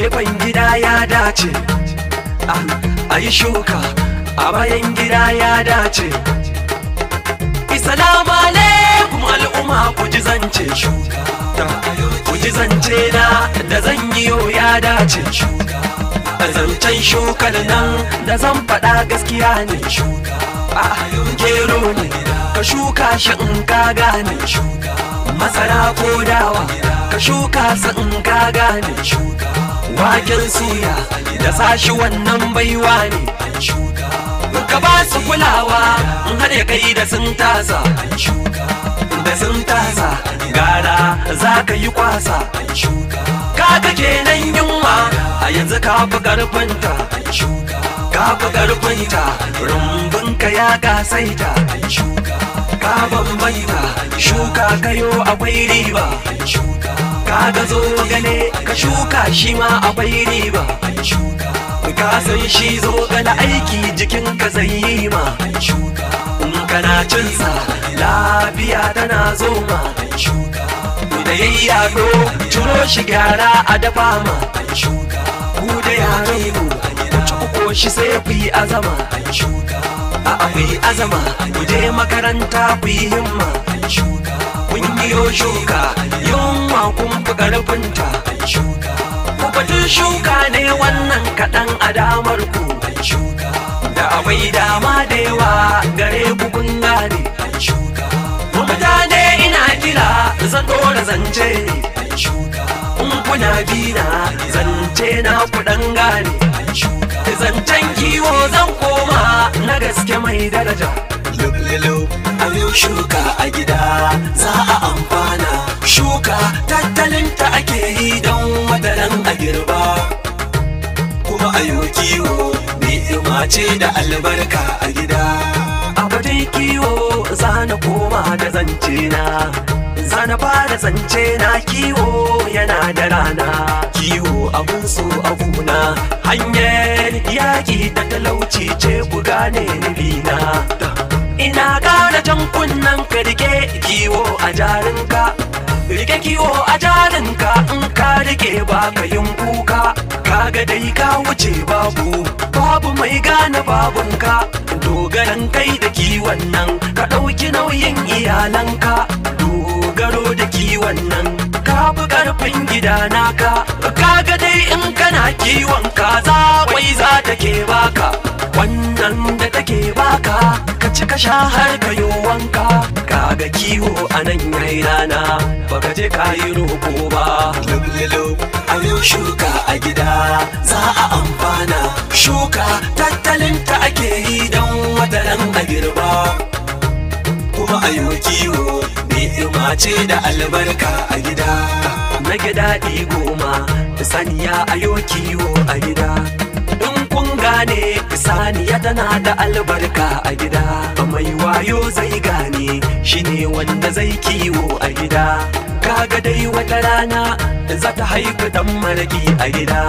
gefen gida ya dace ah, a yi shuka a bayan gida ya dace Assalamu alaikum al'umma ku ji zance shuka ku ji zance na da zan yi ya dace shuka zancen shukar nan da zan faɗa gaskiya ne shuka ah, gero ne ka shuka shi in ka gane shuka masara ko dawa ka shuka su in ka gane shuka waken siya da sashi wannan baiwa ne ka ba su kulawa in haɗe kai da sun tasa da sun tasa gara za ka yi kwasa kaga kenan yunwa a yanzu ka fi ƙarfinta ka fi ƙarfinta rumbunka ya gasaita ka bambaita shuka kayo akwai riba kaga zo gane ka shuka shi ma akwai riba ka san shi zo gane aiki jikin ka zai yi ma in kana sa lafiya tana zo ma da yayi yado ciro shi gyara a dafa ma ku da yaran ku ku shi sai ku yi azama a akwai azama ku je makaranta ku yi himma kun yi shuka yunwa kuma ƙarfinta ai shuka shuka ne wannan kaɗan a damar ku ai shuka da abai dama da yawa gare ku kun gane ai shuka mutane ina kira zan dora zance ne ai shuka in kuna bina zance na ku dan gane ai shuka zancen kiwo zan koma na gaske mai daraja Aliyu shuka a gida za a amfana shuka tattalinta ake yi don madaran a girba kuma a yi kiwo ni'ima ce da albarka a gida dai kiwo za na koma da zance na zana fara zance na kiwo yana da rana kiwo abun so na hanyar yaƙi ta talauci ce ku gane ni ina jan kunnen ka rike kiwo a jarinka rike kiwo a jarinka in ka rike ba ka yin kuka kaga dai ka wuce babu babu mai gane babunka dogaran kai da kiwon nan ka ɗauki nauyin iyalanka dogaro da kiwon nan ka fi ƙarfin gida naka kaga dai in kana kiwon kaza wai za ta ci ka sha har ka yi wanka kaga kiwo a nan yayi rana baka je ka yi roko ba lublulu a yi shuka a gida za a amfana shuka Tattalin ta ake yi don wataran a girba kuma a yi kiwo ni'ima ce da albarka a gida na gida ɗi goma da saniya a yi kiwo a gida ne saniya tana da albarka a gida mai wayo zai gane shine wanda zai kiwo a gida kaga dai wata rana za ta haifi dan maraki a gida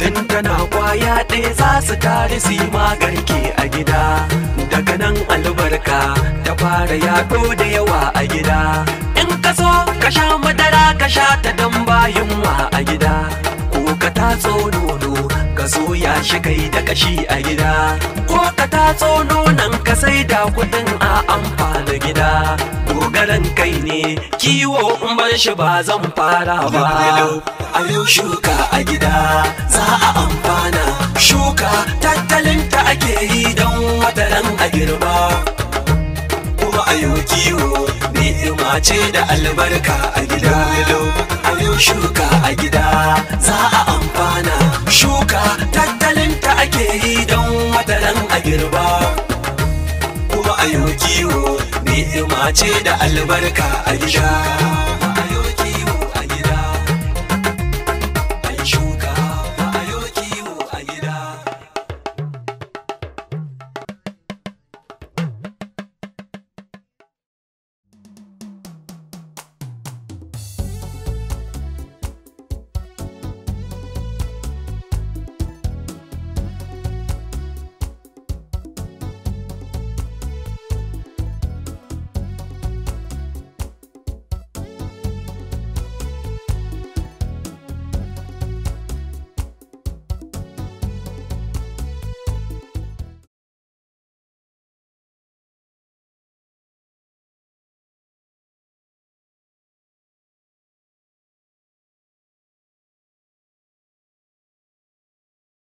tun tana kwaya ɗaya za su tare su yi magarki a gida daga nan albarka ta fara yaɗo da yawa a gida in ka so ka sha madara ka sha ta dan bayan a gida ko ka tatso ka ya shi kai da kashi a gida ko ka tatso nonon ka sai da kudin a amfani gida dogaran kai ne kiwo in ban shi ba zan fara ba a yau shuka a gida za a amfana shuka tattalin ta ake yi don wataran a girba ayo kiwo ni'ima ce da albarka a gida ayo shuka a gida za a amfana shuka tattalinta ake yi don wataran a girba kuma ayo kiwo ni'ima ce da albarka a gida